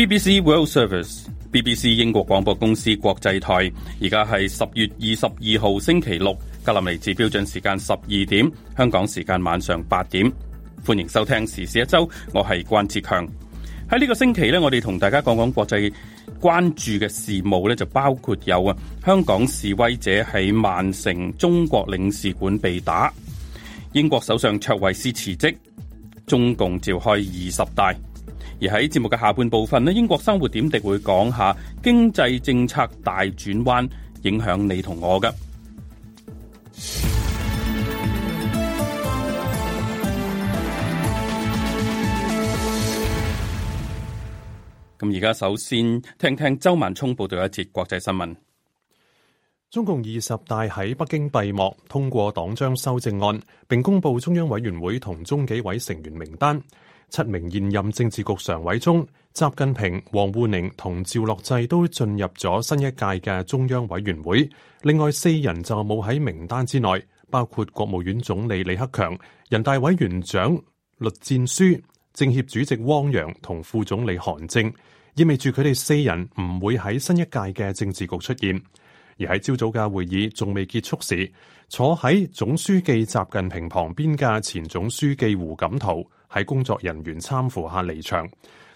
BBC World Service，BBC 英國廣播公司國際台，而家係十月二十二號星期六，格林尼治標準時間十二點，香港時間晚上八點，歡迎收聽時事一周，我係關志強。喺呢個星期咧，我哋同大家講講國際關注嘅事務咧，就包括有啊，香港示威者喺曼城中國領事館被打，英國首相卓慧思辭職，中共召開二十大。而喺節目嘅下半部分咧，英國生活點滴會講下經濟政策大轉彎影響你同我嘅。咁而家首先聽聽聽周文聰報道一節國際新聞。中共二十大喺北京閉幕，通過黨章修正案，並公布中央委員會同中紀委成員名單。七名現任政治局常委中，習近平、王滬寧同趙樂際都進入咗新一屆嘅中央委員會。另外四人就冇喺名單之內，包括國務院總理李克強、人大委員長栗戰書、政協主席汪洋同副總理韓正，意味住佢哋四人唔會喺新一屆嘅政治局出現。而喺朝早嘅會議仲未結束時，坐喺總書記習近平旁邊嘅前總書記胡錦濤喺工作人員攙扶下離場。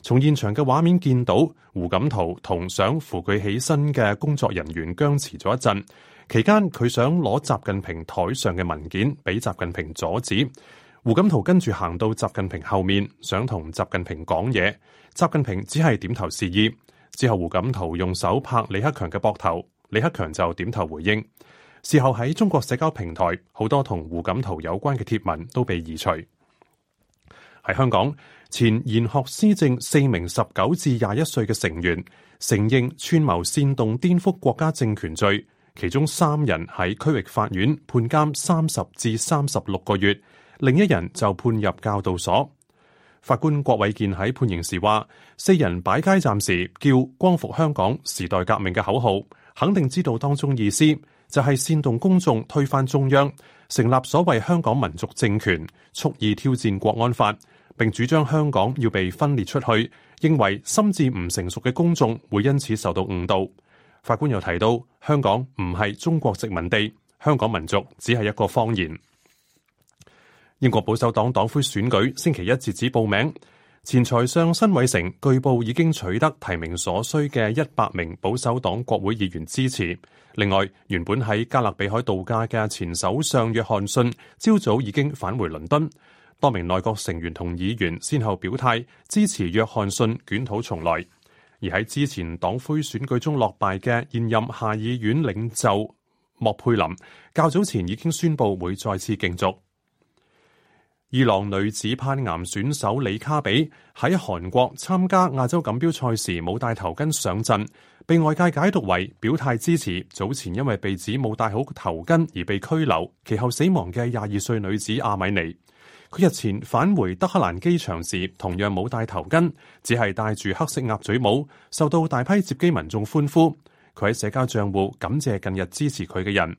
從現場嘅畫面見到，胡錦濤同想扶佢起身嘅工作人員僵持咗一陣。期間佢想攞習近平台上嘅文件，俾習近平阻止。胡錦濤跟住行到習近平後面，想同習近平講嘢。習近平只係點頭示意。之後胡錦濤用手拍李克強嘅膊頭，李克強就點頭回應。事後喺中國社交平台，好多同胡錦濤有關嘅貼文都被移除。喺香港賢學思政四名十九至廿一歲嘅成員承認串謀煽動顛覆國家政權罪，其中三人喺區域法院判監三十至三十六個月，另一人就判入教導所。法官郭偉健喺判刑時話，四人擺街站時叫光復香港時代革命嘅口號，肯定知道當中意思，就係煽動公眾推翻中央，成立所謂香港民族政權，蓄意挑戰國安法。並主張香港要被分裂出去，認為心智唔成熟嘅公眾會因此受到誤導。法官又提到，香港唔係中國殖民地，香港民族只係一個謊言。英國保守黨黨魁選舉星期一截止報名，前財相辛偉誠據報已經取得提名所需嘅一百名保守黨國會議員支持。另外，原本喺加勒比海度假嘅前首相約翰遜，朝早已經返回倫敦。多名內閣成員同議員先後表態支持約翰遜捲土重來，而喺之前黨魁選舉中落敗嘅現任下議院領袖莫佩林，較早前已經宣布會再次競逐。伊朗女子攀岩選手李卡比喺韓國參加亞洲錦標賽時冇戴頭巾上陣，被外界解讀為表態支持。早前因為被指冇戴好頭巾而被拘留，其後死亡嘅廿二歲女子阿米尼。佢日前返回德黑蘭機場時，同樣冇戴頭巾，只係戴住黑色鴨嘴帽，受到大批接機民眾歡呼。佢喺社交賬戶感謝近日支持佢嘅人。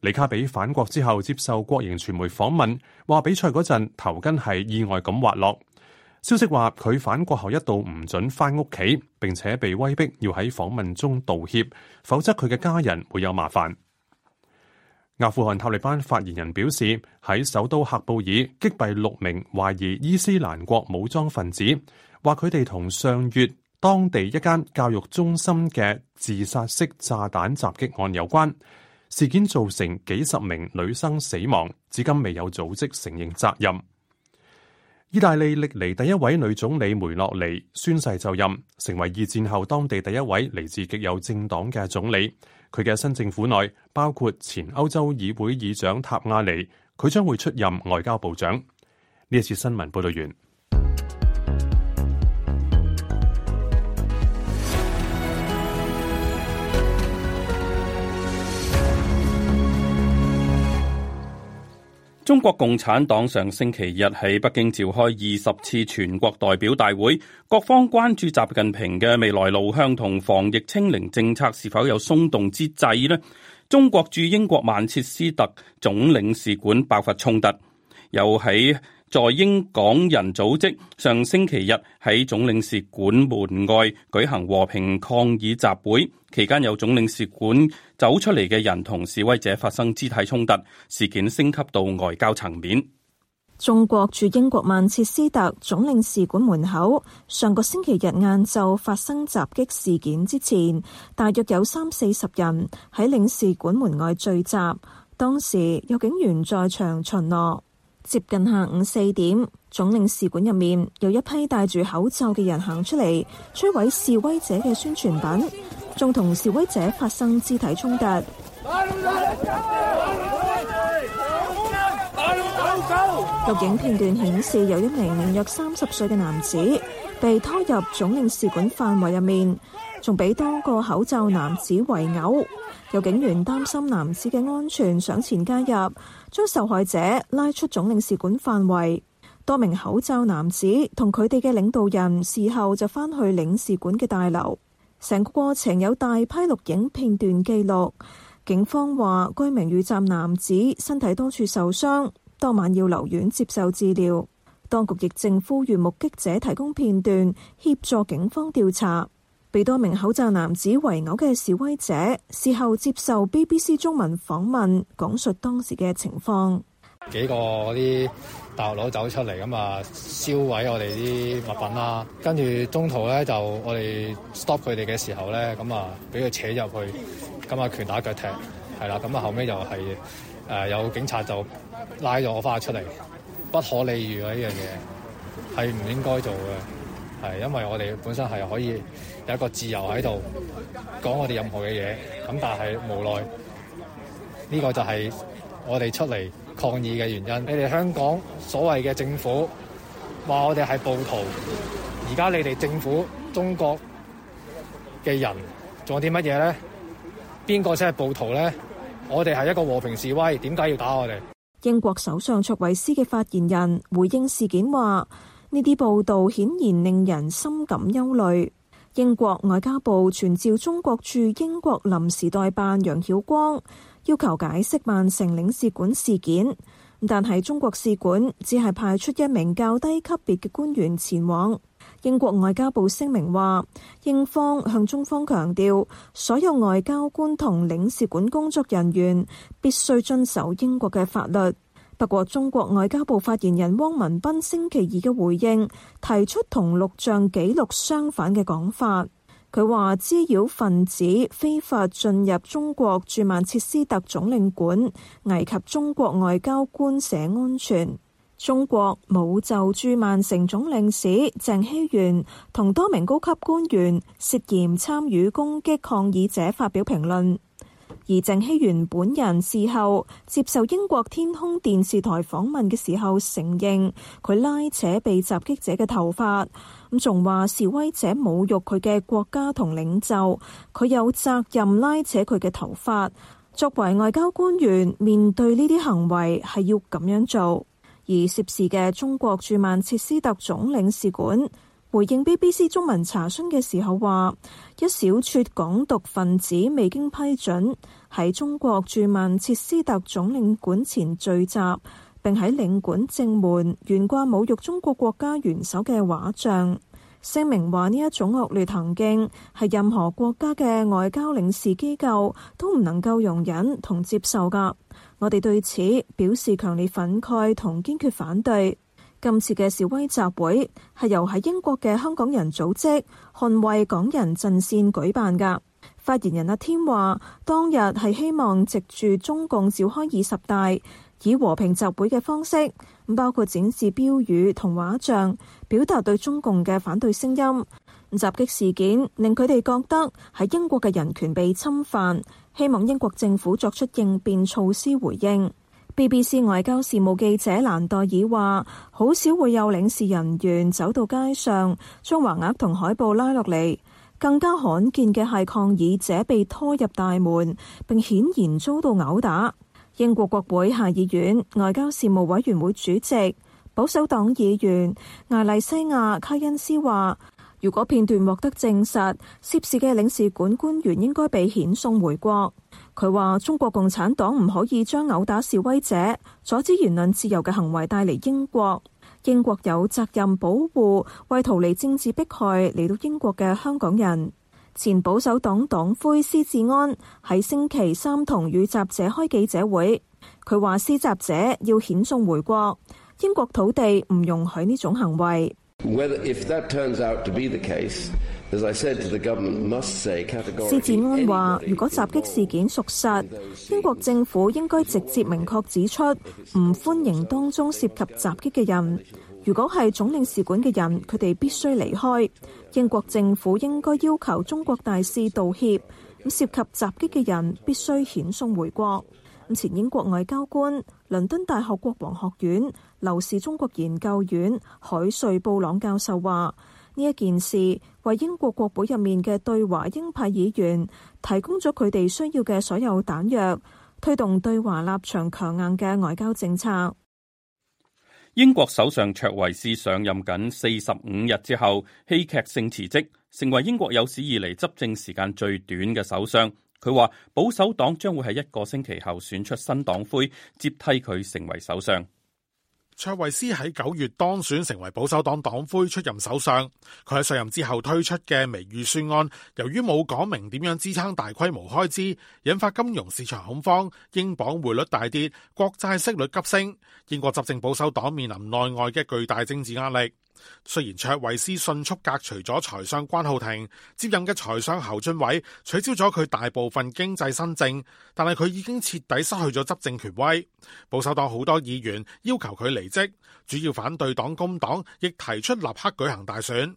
李卡比返國之後接受國營傳媒訪問，話比賽嗰陣頭巾係意外咁滑落。消息話佢返國後一度唔準翻屋企，並且被威逼要喺訪問中道歉，否則佢嘅家人會有麻煩。阿富汗塔利班發言人表示，喺首都喀布爾擊斃六名懷疑伊斯蘭國武裝分子，話佢哋同上月當地一間教育中心嘅自殺式炸彈襲擊案有關。事件造成幾十名女生死亡，至今未有組織承認責任。意大利歷嚟第一位女總理梅洛尼宣誓就任，成為二戰後當地第一位嚟自極右政黨嘅總理。佢嘅新政府內包括前歐洲議會議長塔亞尼，佢將會出任外交部長。呢一次新聞報道完。中國共產黨上星期日喺北京召開二十次全國代表大會，各方關注習近平嘅未來路向同防疫清零政策是否有鬆動之際呢，中國駐英國曼徹斯特總領事館爆發衝突，又喺。在英港人組織上星期日喺總領事館門外舉行和平抗議集會期間，有總領事館走出嚟嘅人同示威者發生肢體衝突，事件升級到外交層面。中國駐英國曼徹斯特總領事館門口上個星期日晏晝發生襲擊事件之前，大約有三四十人喺領事館門外聚集，當時有警員在場巡邏。接近下午四點，總領事館入面有一批戴住口罩嘅人行出嚟，摧毀示威者嘅宣傳品，仲同示威者發生肢體衝突。錄影片段顯示，有一名年約三十歲嘅男子被拖入總領事館範圍入面，仲俾多個口罩男子圍毆。有警員擔心男子嘅安全，上前加入。將受害者拉出總領事館範圍，多名口罩男子同佢哋嘅領導人事後就返去領事館嘅大樓。成個過程有大批錄影片段記錄。警方話，該名遇襲男子身體多處受傷，當晚要留院接受治療。當局亦正呼籲目擊者提供片段協助警方調查。被多名口罩男子圍毆嘅示威者事後接受 BBC 中文訪問，講述當時嘅情況。幾個啲大佬走出嚟，咁啊燒毀我哋啲物品啦，跟住中途咧就我哋 stop 佢哋嘅時候咧，咁啊俾佢扯入去，咁啊拳打腳踢，係啦，咁啊後尾又係誒有警察就拉咗我翻出嚟，不可理喻啊！呢樣嘢係唔應該做嘅，係因為我哋本身係可以。有一個自由喺度講我哋任何嘅嘢，咁但係無奈呢個就係我哋出嚟抗議嘅原因。你哋香港所謂嘅政府話我哋係暴徒，而家你哋政府中國嘅人仲有啲乜嘢呢？邊個先係暴徒呢？我哋係一個和平示威，點解要打我哋？英國首相卓慧思嘅發言人回應事件話：呢啲報導顯然令人心感憂慮。英國外交部傳召中國駐英國臨時代辦楊曉光，要求解釋曼城領事館事件。但係中國使館只係派出一名較低級別嘅官員前往。英國外交部聲明話，英方向中方強調，所有外交官同領事館工作人員必須遵守英國嘅法律。不過，中國外交部發言人汪文斌星期二嘅回應，提出同錄像記錄相反嘅講法。佢話：滋擾分子非法進入中國駐曼徹斯特總領館，危及中國外交官舍安全。中國冇就駐曼城總領事鄭熙元同多名高級官員涉嫌參與攻擊抗議者發表評論。而鄭希元本人事後接受英國天空電視台訪問嘅時候，承認佢拉扯被襲擊者嘅頭髮，咁仲話示威者侮辱佢嘅國家同領袖，佢有責任拉扯佢嘅頭髮。作為外交官員，面對呢啲行為係要咁樣做。而涉事嘅中國駐曼徹斯特總領事館。回應 BBC 中文查詢嘅時候話，一小撮港獨分子未經批准喺中國駐曼徹斯特總領館前聚集，並喺領館正門懸掛侮辱中國國家元首嘅畫像。聲明話呢一種惡劣行徑係任何國家嘅外交領事機構都唔能夠容忍同接受㗎。我哋對此表示強烈憤慨同堅決反對。今次嘅示威集會係由喺英國嘅香港人組織捍衛港人陣線舉辦噶。發言人阿天話當日係希望藉住中共召開二十大，以和平集會嘅方式，包括展示標語同畫像，表達對中共嘅反對聲音。襲擊事件令佢哋覺得喺英國嘅人權被侵犯，希望英國政府作出應變措施回應。BBC 外交事務記者蘭代爾話：好少會有領事人員走到街上，將橫額同海報拉落嚟。更加罕見嘅係抗議者被拖入大門，並顯然遭到毆打。英國國會下議院外交事務委員會主席、保守黨議員艾麗西亞·卡恩斯話。如果片段獲得證實，涉事嘅領事館官員應該被遣送回國。佢話中國共產黨唔可以將毆打示威者、阻止言論自由嘅行為帶嚟英國。英國有責任保護為逃離政治迫害嚟到英國嘅香港人。前保守黨黨魁施志安喺星期三同遇襲者開記者會，佢話施襲者要遣送回國，英國土地唔容許呢種行為。施志安話，如果襲擊事件屬實，英國政府應該直接明確指出唔歡迎當中涉及襲擊嘅人。如果係總領事館嘅人，佢哋必須離開。英國政府應該要求中國大使道歉。咁涉及襲擊嘅人必須遣送回國。前英國外交官、倫敦大學國王學院、劉氏中國研究院、海瑞布朗教授話：呢一件事為英國國會入面嘅對華鷹派議員提供咗佢哋需要嘅所有彈藥，推動對華立場強硬嘅外交政策。英國首相卓慧思上任緊四十五日之後，戲劇性辭職，成為英國有史以嚟執政時間最短嘅首相。佢話保守黨將會喺一個星期後選出新黨魁接替佢成為首相。卓慧思喺九月當選成為保守黨黨魁，出任首相。佢喺上任之後推出嘅微預算案，由於冇講明點樣支撐大規模開支，引發金融市場恐慌，英鎊匯率大跌，國債息率急升。英國執政保守黨面臨內外嘅巨大政治壓力。雖然卓慧思迅速革除咗財相關浩庭，接任嘅財相侯俊偉取消咗佢大部分經濟新政，但係佢已經徹底失去咗執政權威。保守黨好多議員要求佢離職，主要反對黨工黨亦提出立刻舉行大選。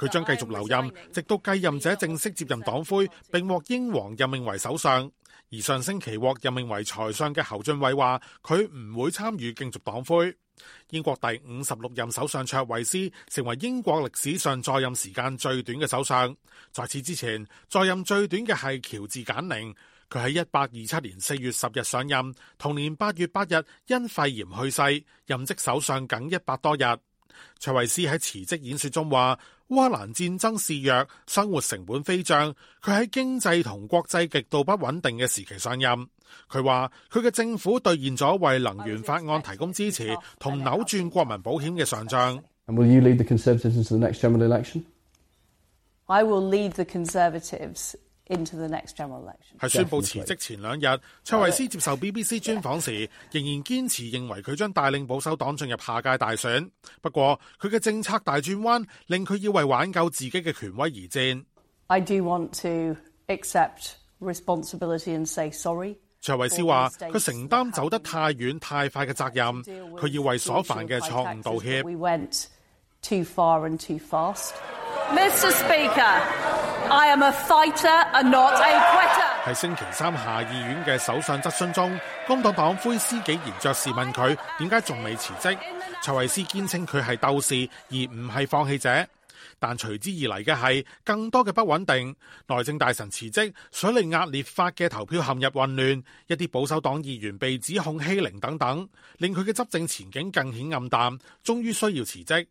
佢將繼續留任，直到繼任者正式接任黨魁並獲英皇任命為首相。而上星期獲任命為財相嘅侯俊偉話，佢唔會參與競逐黨魁。英國第五十六任首相卓慧思成為英國歷史上在任時間最短嘅首相。在此之前，在任最短嘅係喬治簡寧，佢喺一八二七年四月十日上任，同年八月八日因肺炎去世，任職首相僅一百多日。卓慧思喺辭職演說中話，烏克蘭戰爭肆虐，生活成本飛漲，佢喺經濟同國際極度不穩定嘅時期上任。佢話佢嘅政府兌現咗為能源法案提供支持同扭轉國民保險嘅上漲。喺宣布辭職前兩日，卓慧思接受 BBC 專訪時，仍然堅持認為佢將帶領保守黨進入下屆大選。不過，佢嘅政策大轉彎，令佢要為挽救自己嘅權威而戰。I do want to accept responsibility and say sorry。卓慧思話，佢承擔走得太遠太快嘅責任，佢要為所犯嘅錯誤道歉。We went too far and too fast。Mr. Speaker. I am a fighter and not a quitter。喺星期三下議院嘅首相質詢中，工黨黨魁施紀賢爵士問佢點解仲未辭職。the 卓慧思堅稱佢係鬥士，而唔係放棄者。但隨之而嚟嘅係更多嘅不穩定，內政大臣辭職，水力壓裂法嘅投票陷入混亂，一啲保守黨議員被指控欺凌等等，令佢嘅執政前景更顯暗淡。終於需要辭職。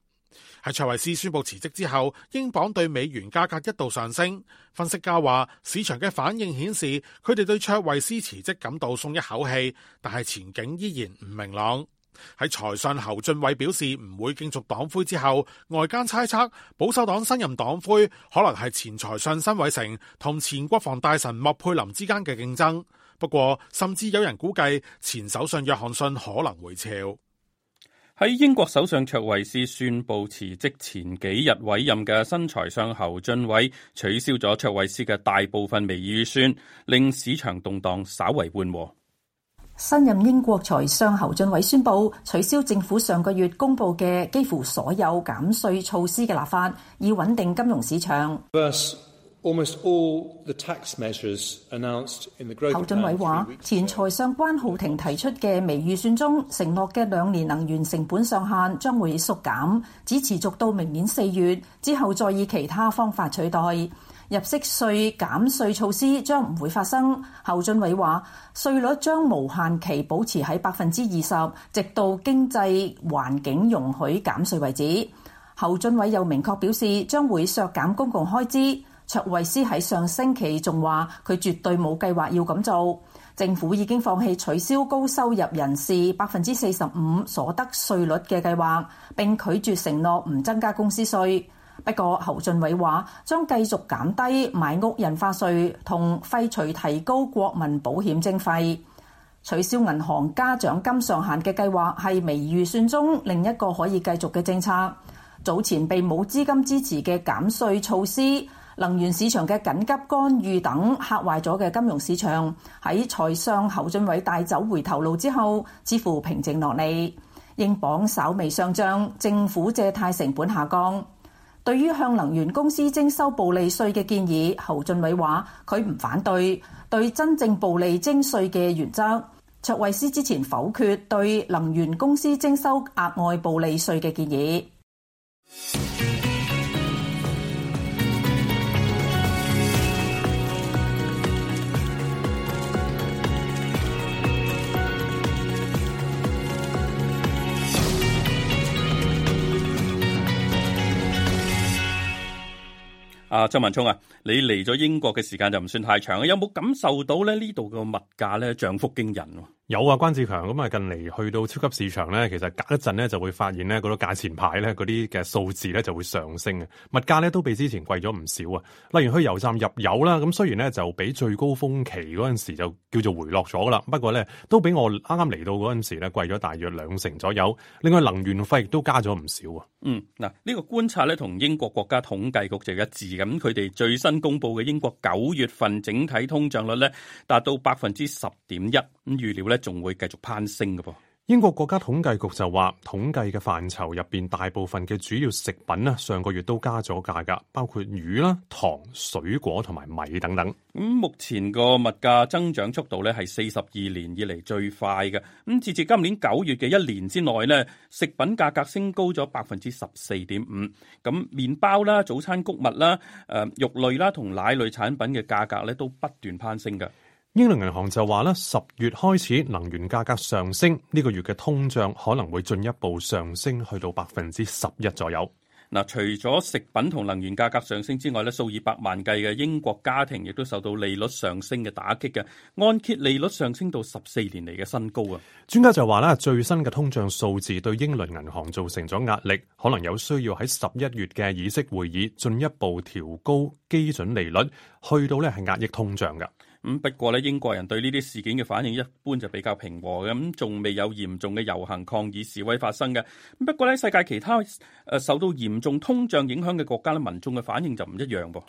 喺卓慧思宣布辭職之後，英鎊對美元價格一度上升。分析家話，市場嘅反應顯示佢哋對卓慧思辭職感到鬆一口氣，但係前景依然唔明朗。喺財相侯俊偉表示唔會競逐黨魁之後，外間猜測保守黨新任黨魁可能係前財相辛偉誠同前國防大臣莫佩林之間嘅競爭。不過，甚至有人估計前首相約翰遜可能回朝。喺英國首相卓慧思宣布辭職前幾日委任嘅新財相侯俊偉取消咗卓慧思嘅大部分微預算，令市場動盪稍為緩和。新任英國財相侯俊偉宣布取消政府上個月公布嘅幾乎所有減稅措施嘅立法，以穩定金融市場。 Almost all the tax measures announced in the Great 侯俊偉話，前財相關浩庭提出嘅微預算中，承諾嘅兩年能源成本上限將會縮減，只持續到明年四月，之後再以其他方法取代。入息稅減稅措施將唔會發生。侯俊偉話稅率將無限期保持喺百分之二十，直到經濟環境容許減稅為止。侯俊偉又明確表示，將會削減公共開支。卓慧思喺上星期仲話：佢絕對冇計劃要咁做。政府已經放棄取消高收入人士百分之四十五所得稅率嘅計劃，並拒絕承諾唔增加公司稅。不過，侯俊偉話將繼續減低買屋印花稅同廢除提高國民保險徵費。取消銀行家獎金上限嘅計劃係微預算中另一個可以繼續嘅政策。早前被冇資金支持嘅減稅措施。能源市場嘅緊急干預等嚇壞咗嘅金融市場，喺財相侯俊偉帶走回頭路之後，似乎平靜落嚟，英鎊稍微上漲，政府借貸成本下降。對於向能源公司徵收暴利稅嘅建議，侯俊偉話佢唔反對，對真正暴利徵稅嘅原則。卓慧思之前否決對能源公司徵收額外暴利稅嘅建議。啊，張文聰啊，你嚟咗英國嘅時間就唔算太長，有冇感受到咧呢度嘅物價咧漲幅驚人？有啊，關志強咁啊，近嚟去到超級市場咧，其實隔一陣咧就會發現咧嗰個價錢牌咧嗰啲嘅數字咧就會上升嘅，物價咧都比之前貴咗唔少啊。例如去油站入油啦，咁雖然咧就比最高峰期嗰陣時就叫做回落咗噶啦，不過咧都比我啱啱嚟到嗰陣時咧貴咗大約兩成左右。另外能源費亦都加咗唔少啊。嗯，嗱呢個觀察咧同英國國家統計局就一致，咁佢哋最新公布嘅英國九月份整體通脹率咧達到百分之十點一，咁預料咧，仲會繼續攀升噶噃？英國國家統計局就話，統計嘅範疇入邊，大部分嘅主要食品啊，上個月都加咗價格，包括魚啦、糖、水果同埋米等等。咁目前個物價增長速度咧係四十二年以嚟最快嘅。咁截至今年九月嘅一年之內咧，食品價格升高咗百分之十四點五。咁麵包啦、早餐穀物啦、誒肉類啦同奶類產品嘅價格咧，都不斷攀升噶。英倫銀行就話咧，十月開始能源價格上升，呢個月嘅通脹可能會進一步上升，去到百分之十一左右。嗱，除咗食品同能源價格上升之外咧，數以百萬計嘅英國家庭亦都受到利率上升嘅打擊嘅，按揭利率上升到十四年嚟嘅新高啊！專家就話咧，最新嘅通脹數字對英倫銀行造成咗壓力，可能有需要喺十一月嘅議息會議進一步調高基準利率，去到咧係壓抑通脹噶。咁不過咧，英國人對呢啲事件嘅反應一般就比較平和嘅，咁仲未有嚴重嘅遊行抗議示威發生嘅。不過咧，世界其他誒受到嚴重通脹影響嘅國家咧，民眾嘅反應就唔一樣噃。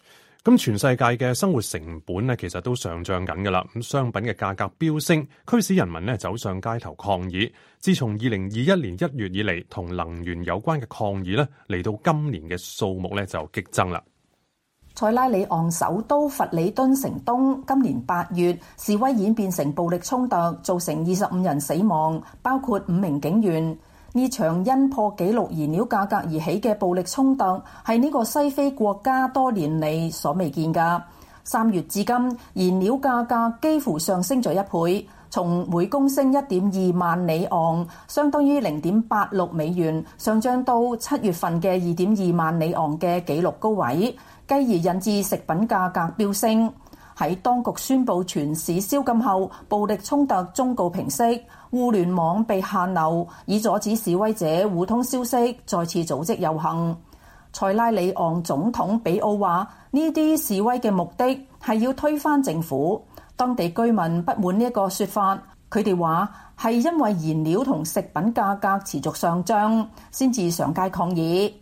咁全世界嘅生活成本咧，其實都上漲緊噶啦，咁商品嘅價格飆升，驅使人民咧走上街頭抗議。自從二零二一年一月以嚟，同能源有關嘅抗議咧，嚟到今年嘅數目咧就激增啦。塞拉里昂首都佛里敦城東今年八月示威演變成暴力衝突，造成二十五人死亡，包括五名警員。呢場因破紀錄燃料價格而起嘅暴力衝突，係呢個西非國家多年嚟所未見㗎。三月至今，燃料價格幾乎上升咗一倍，從每公升一點二萬里昂（相當於零點八六美元）上漲到七月份嘅二點二萬里昂嘅紀錄高位。繼而引致食品價格飆升。喺當局宣布全市宵禁後，暴力衝突終告平息，互聯網被限流，以阻止示威者互通消息，再次組織遊行。塞拉利昂總統比奧話：呢啲示威嘅目的係要推翻政府。當地居民不滿呢一個說法，佢哋話係因為燃料同食品價格持續上漲，先至上街抗議。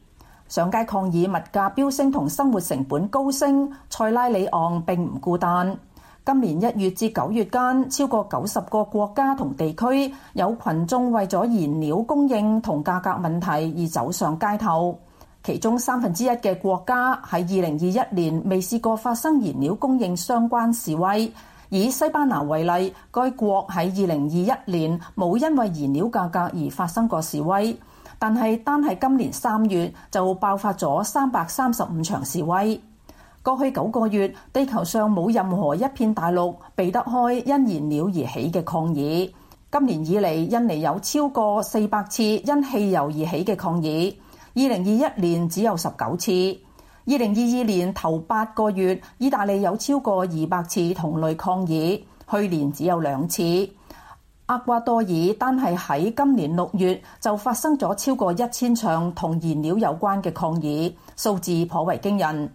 上街抗議物價飆升同生活成本高升，塞拉里昂並唔孤單。今年一月至九月間，超過九十個國家同地區有群眾為咗燃料供應同價格問題而走上街頭。其中三分之一嘅國家喺二零二一年未試過發生燃料供應相關示威。以西班牙為例，該國喺二零二一年冇因為燃料價格而發生過示威。但係，單係今年三月就爆發咗三百三十五場示威。過去九個月，地球上冇任何一片大陸避得開因燃料而起嘅抗議。今年以嚟，印尼有超過四百次因汽油而起嘅抗議。二零二一年只有十九次。二零二二年頭八個月，意大利有超過二百次同類抗議，去年只有兩次。厄瓜多爾單係喺今年六月就發生咗超過一千場同燃料有關嘅抗議，數字頗為驚人。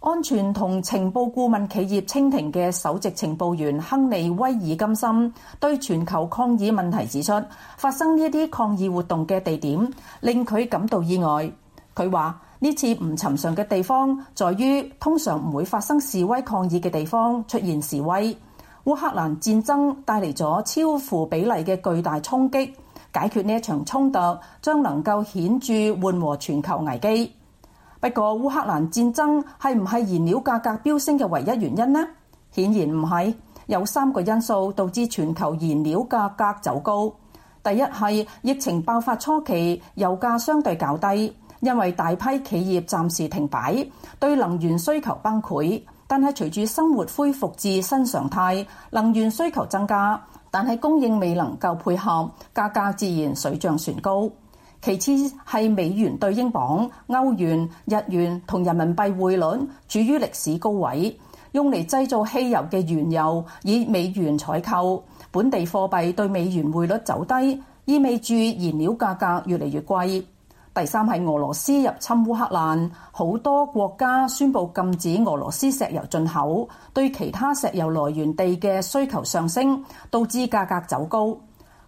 安全同情報顧問企業蜻蜓嘅首席情報員亨利威爾金森對全球抗議問題指出，發生呢一啲抗議活動嘅地點令佢感到意外。佢話呢次唔尋常嘅地方在於，通常唔會發生示威抗議嘅地方出現示威。烏克蘭戰爭帶嚟咗超乎比例嘅巨大衝擊，解決呢一場衝突將能夠顯著緩和全球危機。不過，烏克蘭戰爭係唔係燃料價格飆升嘅唯一原因呢？顯然唔係，有三個因素導致全球燃料價格走高。第一係疫情爆發初期，油價相對較低，因為大批企業暫時停擺，對能源需求崩潰。但係隨住生活恢復至新常態，能源需求增加，但係供應未能夠配合，價格自然水漲船高。其次係美元對英鎊、歐元、日元同人民幣匯率處於歷史高位，用嚟製造汽油嘅原油以美元採購，本地貨幣對美元匯率走低，意味住燃料價格越嚟越貴。第三係俄羅斯入侵烏克蘭，好多國家宣布禁止俄羅斯石油進口，對其他石油來源地嘅需求上升，導致價格走高。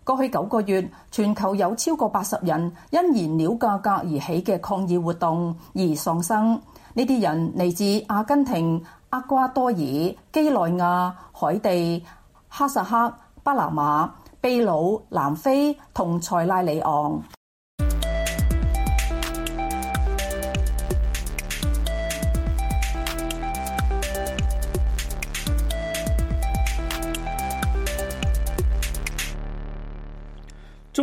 過去九個月，全球有超過八十人因燃料價格而起嘅抗議活動而喪生。呢啲人嚟自阿根廷、厄瓜多爾、基內亞、海地、哈薩克、巴拿馬、秘魯、南非同塞拉利昂。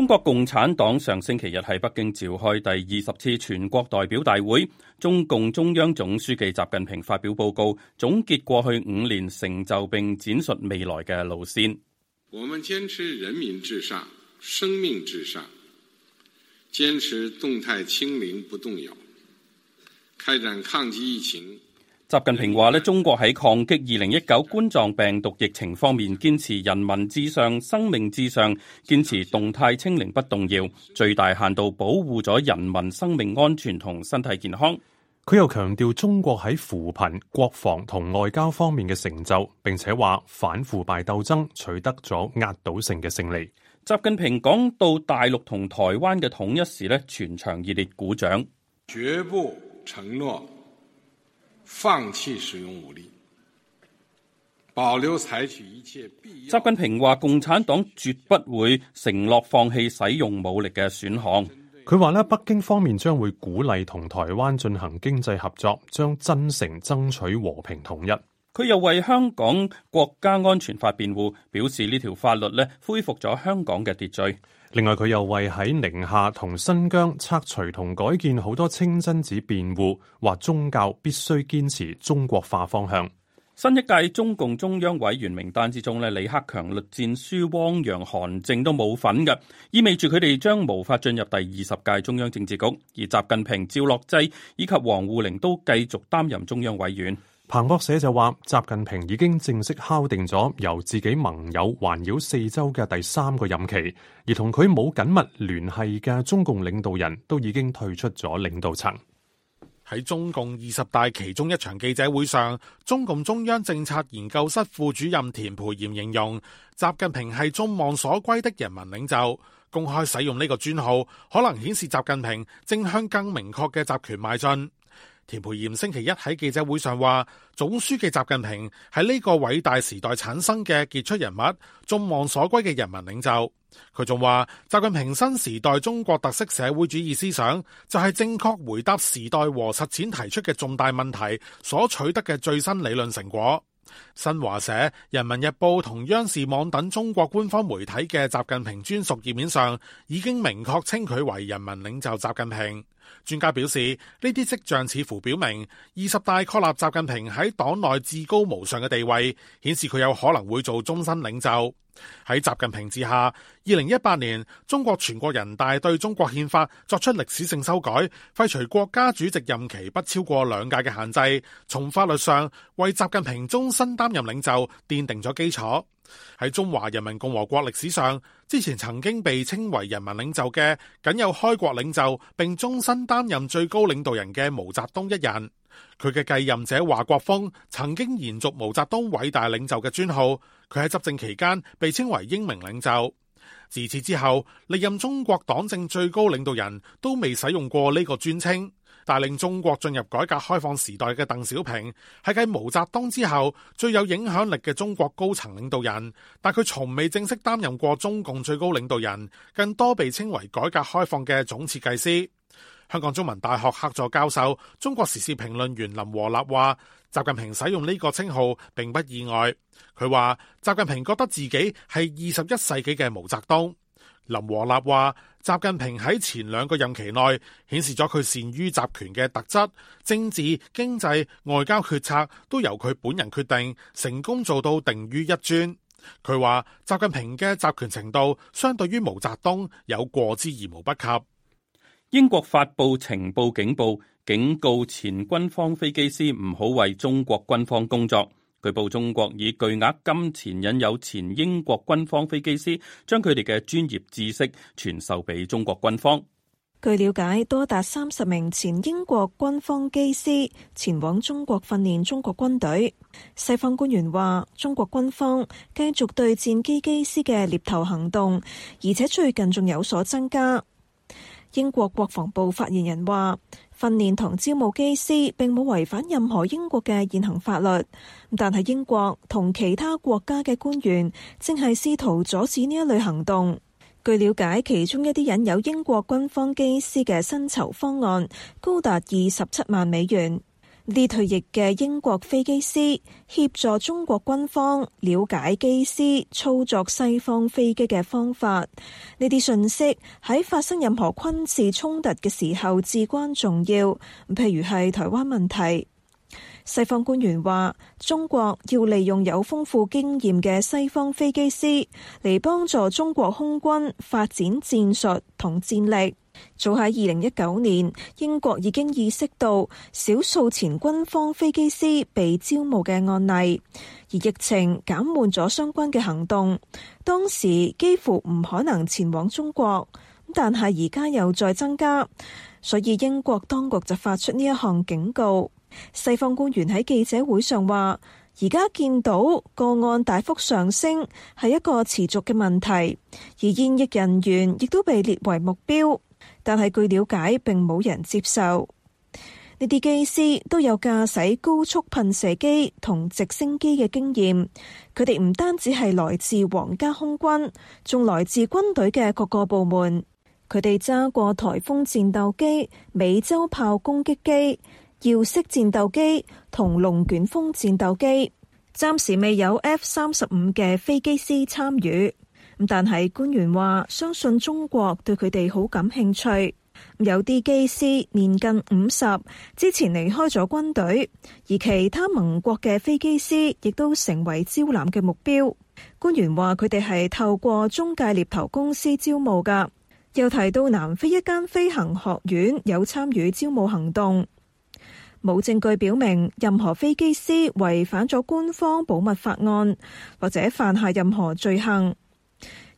中國共產黨上星期日喺北京召開第二十次全國代表大會，中共中央總書記習近平發表報告，總結過去五年成就，並展述未來嘅路線。我們堅持人民至上、生命至上，堅持動態清零不動搖，開展抗擊疫情。習近平話咧，中國喺抗擊二零一九冠狀病毒疫情方面，堅持人民至上、生命至上，堅持動態清零不動搖，最大限度保護咗人民生命安全同身體健康。佢又強調中國喺扶貧、國防同外交方面嘅成就，並且話反腐敗鬥爭取得咗壓倒性嘅勝利。習近平講到大陸同台灣嘅統一時呢，全場熱烈鼓掌。絕不承諾。放棄使用武力，保留採取一切必要。習近平話共產黨絕不會承諾放棄使用武力嘅選項。佢話呢，北京方面將會鼓勵同台灣進行經濟合作，將真誠爭取和平統一。佢又為香港國家安全法辯護，表示呢條法律呢恢復咗香港嘅秩序。另外佢又為喺寧夏同新疆拆除同改建好多清真寺辯護，話宗教必須堅持中國化方向。新一屆中共中央委員名單之中咧，李克強、栗戰書、汪洋、韓正都冇份㗎，意味住佢哋將無法進入第二十屆中央政治局，而習近平、趙樂際以及王滬寧都繼續擔任中央委員。彭博社就話，習近平已經正式敲定咗由自己盟友環繞四周嘅第三個任期，而同佢冇緊密聯繫嘅中共領導人都已經退出咗領導層。喺中共二十大其中一場記者會上，中共中央政策研究室副主任田培炎形容，習近平係眾望所歸的人民領袖。公開使用呢個尊號，可能顯示習近平正向更明確嘅集權邁進。田培炎星期一喺記者會上話，總書記習近平係呢個偉大時代產生嘅傑出人物，眾望所歸嘅人民領袖。佢仲話，習近平新時代中國特色社會主義思想就係正確回答時代和實踐提出嘅重大問題所取得嘅最新理論成果。新華社、人民日報同央視網等中國官方媒體嘅習近平專屬頁面上已經明確稱佢為人民領袖習近平。專家表示，呢啲跡象似乎表明二十大確立習近平喺黨內至高無上嘅地位，顯示佢有可能會做終身領袖。喺習近平治下，二零一八年中國全國人大對中國憲法作出歷史性修改，廢除國家主席任期不超過兩屆嘅限制，從法律上為習近平終身擔任領袖奠定咗基礎。喺中華人民共和國歷史上，之前曾經被稱為人民領袖嘅，僅有開國領袖，並終身擔任最高領導人嘅毛澤東一人。佢嘅繼任者華國鋒曾經延續毛澤東偉大領袖嘅尊號，佢喺執政期間被稱為英明領袖。自此之後，歷任中國黨政最高領導人都未使用過呢個尊稱。帶領中國進入改革開放時代嘅鄧小平，係繼毛澤東之後最有影響力嘅中國高層領導人，但佢從未正式擔任過中共最高領導人，更多被稱為改革開放嘅總設計師。香港中文大學客座教授、中國時事評論員林和立話：習近平使用呢個稱號並不意外。佢話：習近平覺得自己係二十一世紀嘅毛澤東。林和立話：習近平喺前兩個任期內顯示咗佢善於集權嘅特質，政治、經濟、外交決策都由佢本人決定，成功做到定於一尊。佢話：習近平嘅集權程度相對於毛澤東有過之而無不及。英國發佈情報警報，警告前軍方飛機師唔好為中國軍方工作。據報，中國以巨額金錢引誘前英國軍方飛機師，將佢哋嘅專業知識傳授俾中國軍方。據了解，多達三十名前英國軍方機師前往中國訓練中國軍隊。西方官員話，中國軍方繼續對戰機機師嘅獵頭行動，而且最近仲有所增加。英國國防部發言人話，訓練同招募機師，並冇違反任何英國嘅現行法律。但係英國同其他國家嘅官員正係試圖阻止呢一類行動。據了解，其中一啲引有英國軍方機師嘅薪酬方案，高達二十七萬美元。呢退役嘅英國飛機師協助中國軍方了解機師操作西方飛機嘅方法，呢啲信息喺發生任何軍事衝突嘅時候至關重要。譬如係台灣問題，西方官員話，中國要利用有豐富經驗嘅西方飛機師嚟幫助中國空軍發展戰術同戰力。早喺二零一九年，英國已經意識到少數前軍方飛機師被招募嘅案例，而疫情減緩咗相關嘅行動。當時幾乎唔可能前往中國，但係而家又再增加，所以英國當局就發出呢一項警告。西方官員喺記者會上話，而家見到個案大幅上升，係一個持續嘅問題，而現役人員亦都被列為目標。但係據了解，並冇人接受。呢啲機師都有駕駛高速噴射機同直升機嘅經驗，佢哋唔單止係來自皇家空軍，仲來自軍隊嘅各個部門。佢哋揸過颱風戰鬥機、美洲豹攻擊機、鷂式戰鬥機同龍捲風戰鬥機，暫時未有 F 三十五嘅飛機師參與。但係官員話，相信中國對佢哋好感興趣。有啲機師年近五十，之前離開咗軍隊，而其他盟國嘅飛機師亦都成為招攬嘅目標。官員話佢哋係透過中介獵頭公司招募㗎。又提到南非一間飛行學院有參與招募行動，冇證據表明任何飛機師違反咗官方保密法案，或者犯下任何罪行。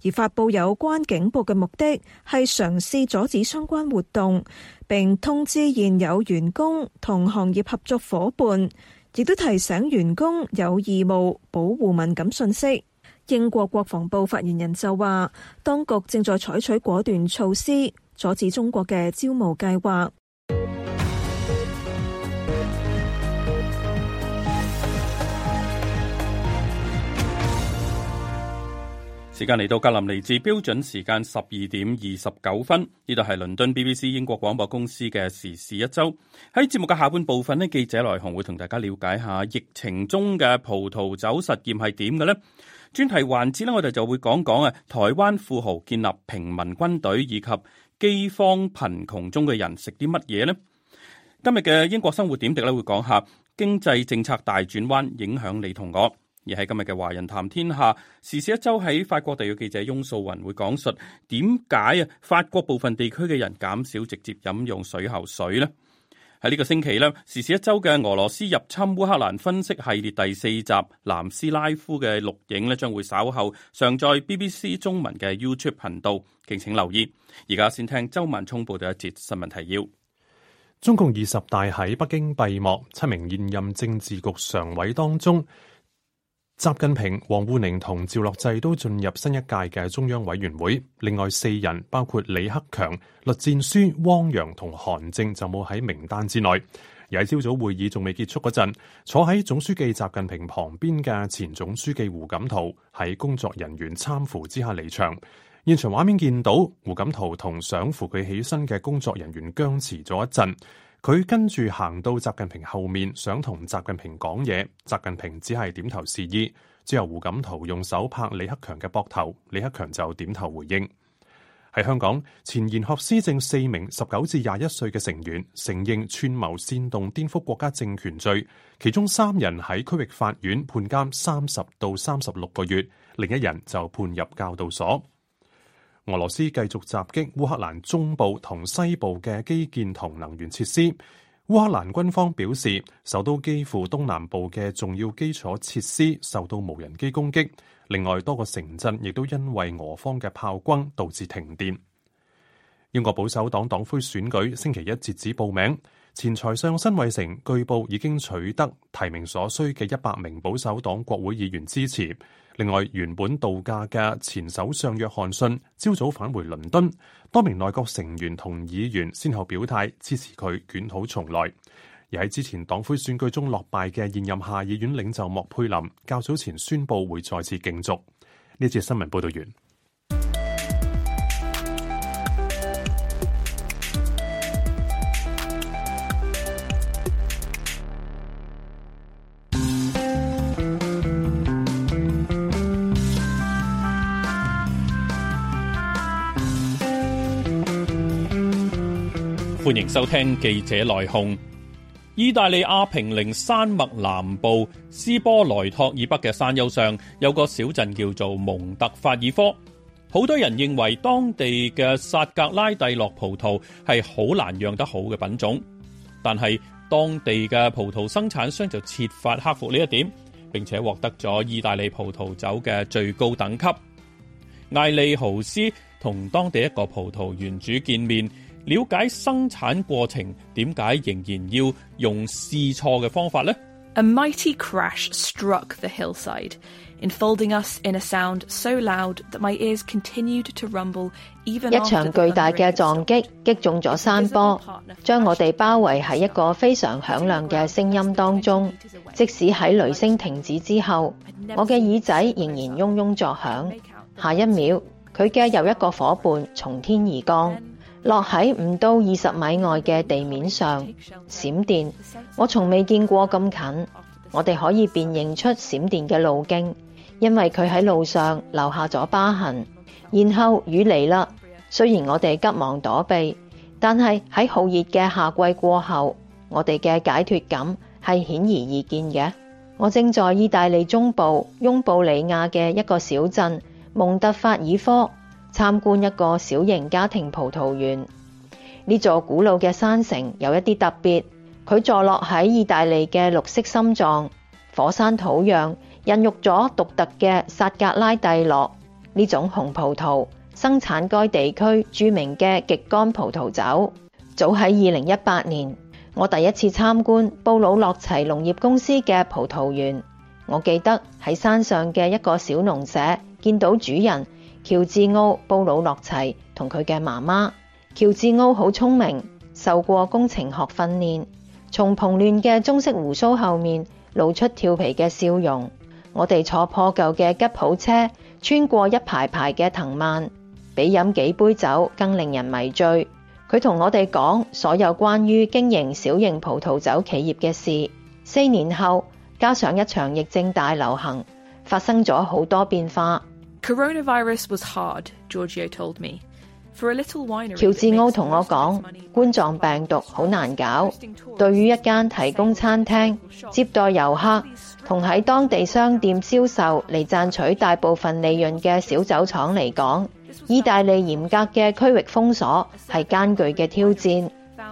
而發佈有關警報嘅目的係嘗試阻止相關活動，並通知現有員工同行業合作伙伴，亦都提醒員工有義務保護敏感信息。英國國防部發言人就話，當局正在採取果斷措施，阻止中國嘅招募計劃。時間嚟到格林尼治標準時間十二點二十九分，呢度係倫敦 BBC 英國廣播公司嘅時事一周。喺節目嘅下半部分呢，記者來鴻會同大家了解下疫情中嘅葡萄酒實驗係點嘅呢？專題環節呢，我哋就會講講啊，台灣富豪建立平民軍隊以及饑荒貧窮中嘅人食啲乜嘢呢。今日嘅英國生活點滴咧，會講下經濟政策大轉彎影響你同我。而喺今日嘅《華人談天下》時事一周，喺法國地嘅記者翁素雲會講述點解啊，法國部分地區嘅人減少直接飲用水喉水呢。喺呢個星期呢，時事一周嘅俄羅斯入侵烏克蘭分析系列第四集南斯拉夫嘅錄影咧，將會稍後上載 BBC 中文嘅 YouTube 頻道，敬請留意。而家先聽周文沖報第一節新聞提要。中共二十大喺北京閉幕，七名現任政治局常委當中，習近平、王滬寧同趙樂際都進入新一屆嘅中央委員會，另外四人包括李克強、栗戰書、汪洋同韓正就冇喺名單之內。而喺朝早會議仲未結束嗰陣，坐喺總書記習近平旁邊嘅前總書記胡錦濤喺工作人員攙扶之下離場。現場畫面見到胡錦濤同想扶佢起身嘅工作人員僵持咗一陣。佢跟住行到習近平後面，想同習近平講嘢，習近平只係點頭示意。之後胡錦濤用手拍李克強嘅膊頭，李克強就點頭回應。喺香港，賢學思政四名十九至廿一歲嘅成員承認串謀煽動顛覆國家政權罪，其中三人喺區域法院判監三十到三十六個月，另一人就判入教導所。俄羅斯繼續襲擊烏克蘭中部同西部嘅基建同能源設施。烏克蘭軍方表示，首都基輔東南部嘅重要基礎設施受到無人機攻擊，另外多個城鎮亦都因為俄方嘅炮轟導致停電。英國保守黨黨魁選舉星期一截止報名，前財相辛偉誠據報已經取得提名所需嘅一百名保守黨國會議員支持。另外，原本度假嘅前首相約翰遜，朝早返回倫敦，多名內閣成員同議員先後表態支持佢捲土重來。而喺之前黨魁選舉中落敗嘅現任下議院領袖莫佩林，較早前宣布會再次競逐。呢節新聞報道完。歡迎收聽記者來鴻。意大利阿平寧山脈南部斯波萊托以北嘅山丘上，有個小鎮叫做蒙特法爾科。好多人認為當地嘅薩格拉蒂洛葡萄係好難養得好嘅品種，但係當地嘅葡萄生產商就設法克服呢一點，並且獲得咗意大利葡萄酒嘅最高等級。艾利豪斯同當地一個葡萄園主見面。了解生產過程點解仍然要用試錯嘅方法呢？ 一場巨大嘅撞擊擊，擊中咗山坡，將我哋包圍喺一個非常響亮嘅聲音當中。即使喺雷聲停止之後，我嘅耳仔仍然嗡嗡作響。下一秒，佢嘅又一個伙伴從天而降。落喺唔到二十米外嘅地面上，閃電，我從未見過咁近。我哋可以辨認出閃電嘅路徑，因為佢喺路上留下咗疤痕。然後雨嚟啦，雖然我哋急忙躲避，但係喺酷熱嘅夏季過後，我哋嘅解脫感係顯而易見嘅。我正在意大利中部翁布里亞嘅一個小鎮蒙特法爾科，參觀一個小型家庭葡萄園。呢座古老嘅山城有一啲特別，佢坐落喺意大利嘅綠色心臟火山土壤，孕育咗獨特嘅薩格拉蒂諾呢種紅葡萄，生產該地區著名嘅極乾葡萄酒。早喺二零一八年，我第一次參觀布魯諾齊農業公司嘅葡萄園，我記得喺山上嘅一個小農舍見到主人。喬治奧·布魯諾齊同佢嘅媽媽。喬治奧好聰明，受過工程學訓練。從蓬亂嘅中式鬍鬚後面露出調皮嘅笑容。我哋坐破舊嘅吉普車穿過一排排嘅藤蔓，比飲幾杯酒更令人迷醉。佢同我哋講所有關於經營小型葡萄酒企業嘅事。四年後，加上一場疫症大流行，發生咗好多變化。Coronavirus was hard, Giorgio told me. For a little winery, 喬治奧同我講，冠狀病毒好難搞。對於一間提供餐廳接待遊客同喺當地商店銷售嚟賺取大部分利潤嘅小酒廠嚟講，意大利嚴格嘅區域封鎖係艱巨嘅挑戰，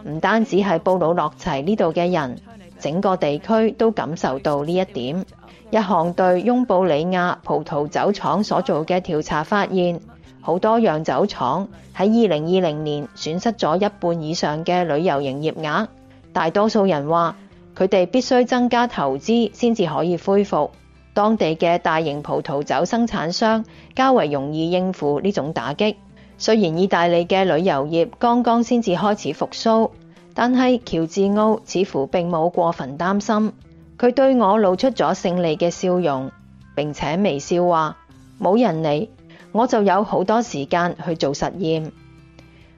唔單止係布魯諾齊呢度嘅人。整個地區都感受到呢一點。一項對翁布里亞葡萄酒廠所做嘅調查發現，好多釀酒廠喺二零二零年損失咗一半以上嘅旅遊營業額。大多數人話，佢哋必須增加投資先至可以恢復。當地嘅大型葡萄酒生產商，較為容易應付呢種打擊。雖然意大利嘅旅遊業剛剛先至開始復蘇。但係喬治奧似乎並冇過分擔心，佢對我露出咗勝利嘅笑容，並且微笑話：冇人理，我就有好多時間去做實驗。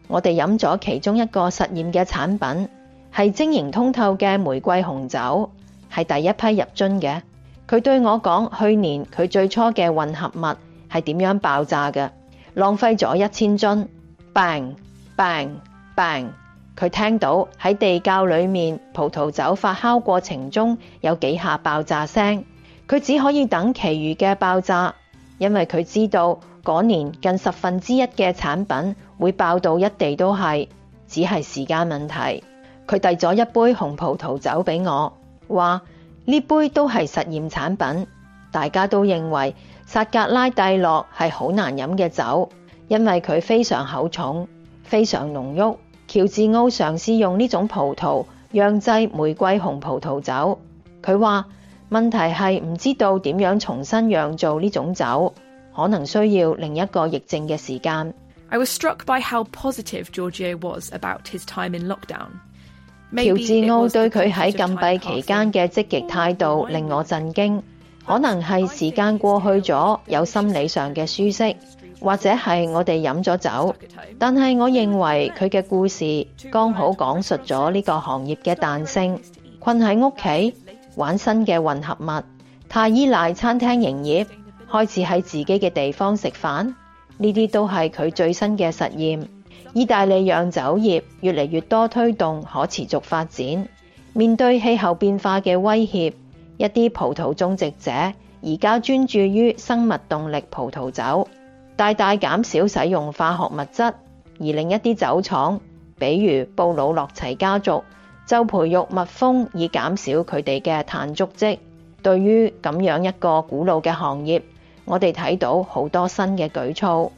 我哋飲咗其中一個實驗嘅產品，係晶瑩通透嘅玫瑰紅酒，係第一批入樽嘅。佢對我講：去年佢最初嘅混合物係點樣爆炸嘅，浪費咗一千樽，bang bang bang。佢聽到喺地窖裏面葡萄酒發酵過程中有幾下爆炸聲。佢只可以等其餘嘅爆炸，因為佢知道嗰年近十分之一嘅產品會爆到一地都係，只係時間問題。佢遞咗一杯紅葡萄酒俾我，話呢杯都係實驗產品。大家都認為薩格拉蒂洛係好難飲嘅酒，因為佢非常厚重，非常濃郁。喬治奧嘗試用呢種葡萄釀製玫瑰紅葡萄酒。佢話問題係唔知道點樣重新釀造呢種酒，可能需要另一個疫症嘅時間。I was struck by how positive Georgia was about his time in lockdown. 喬治奧對佢喺禁閉期間嘅積極態度令我震驚。可能係時間過去咗，有心理上嘅舒適。或者係我哋飲咗酒，但係，我認為佢嘅故事剛好講述咗呢個行業嘅誕生。困喺屋企玩新嘅混合物，太依賴餐廳營業，開始喺自己嘅地方食飯。呢啲都係佢最新嘅實驗。意大利釀酒業越嚟越多推動可持續發展，面對氣候變化嘅威脅，一啲葡萄種植者而家專注於生物動力葡萄酒。大大減少使用化學物質，而另一啲酒廠，比如布魯洛洛齊家族，就培育蜜蜂以減少佢哋嘅碳足跡。對於咁樣一個古老嘅行業，我哋睇到好多新嘅舉措。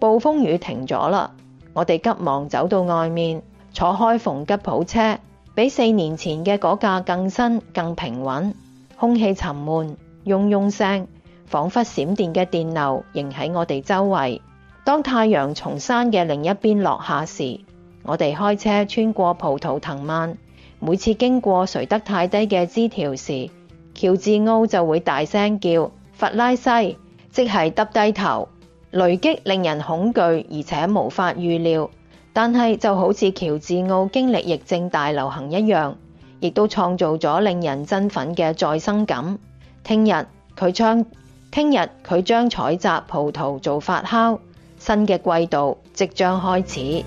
暴風雨停咗啦，我哋急忙走到外面，坐開逢吉普車，比四年前嘅嗰架更新、更平穩。空氣沉悶，嗡嗡聲。仿佛閃電嘅電流，仍喺我哋周圍。當太陽從山嘅另一邊落下時，我哋開車穿過葡萄藤蔓。每次經過垂得太低嘅枝條時，喬治奧就會大聲叫：法拉西，即係耷低頭。雷擊令人恐懼而且無法預料，但係就好似喬治奧經歷疫症大流行一樣，亦都創造咗令人振奮嘅再生感。聽日佢唱。聽日佢將採集葡萄做發酵，新嘅季度即將開始。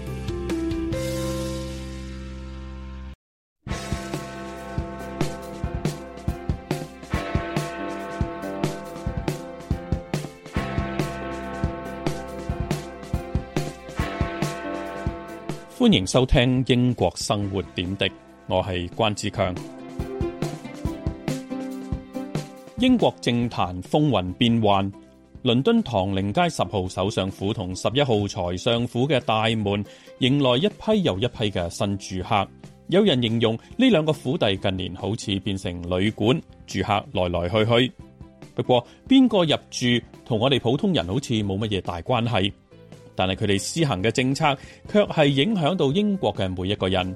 歡迎收聽《英國生活點滴》，我係關志強。英國政壇風雲變幻，倫敦唐寧街十號首相府同十一號財相府嘅大門迎來一批又一批嘅新住客。有人形容呢兩個府邸近年好似變成旅館，住客來來去去。不過，邊個入住同我哋普通人好似冇乜嘢大關係，但係佢哋施行嘅政策卻係影響到英國嘅每一個人。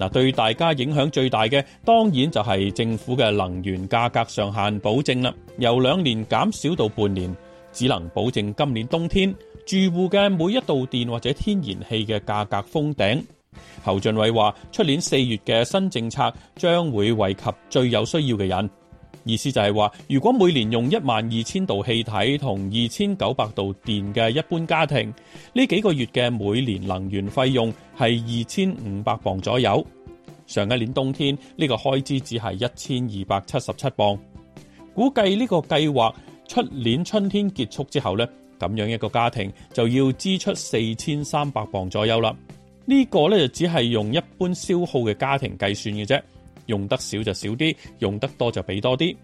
嗱，對大家影響最大嘅，當然就係政府嘅能源價格上限保證啦。由兩年減少到半年，只能保證今年冬天住戶嘅每一度電或者天然氣嘅價格封頂。侯俊偉話，出年四月嘅新政策將會惠及最有需要嘅人。意思就係話，如果每年用一萬二千度氣體同二千九百度電嘅一般家庭，呢幾個月嘅每年能源費用係二千五百磅左右。上一年冬天，呢個開支只係一千二百七十七磅。估計呢個計劃出年春天結束之後呢，咁樣一個家庭就要支出四千三百磅左右啦。呢個呢，就只係用一般消耗嘅家庭計算嘅啫。用得少就少啲，用得多就俾多啲。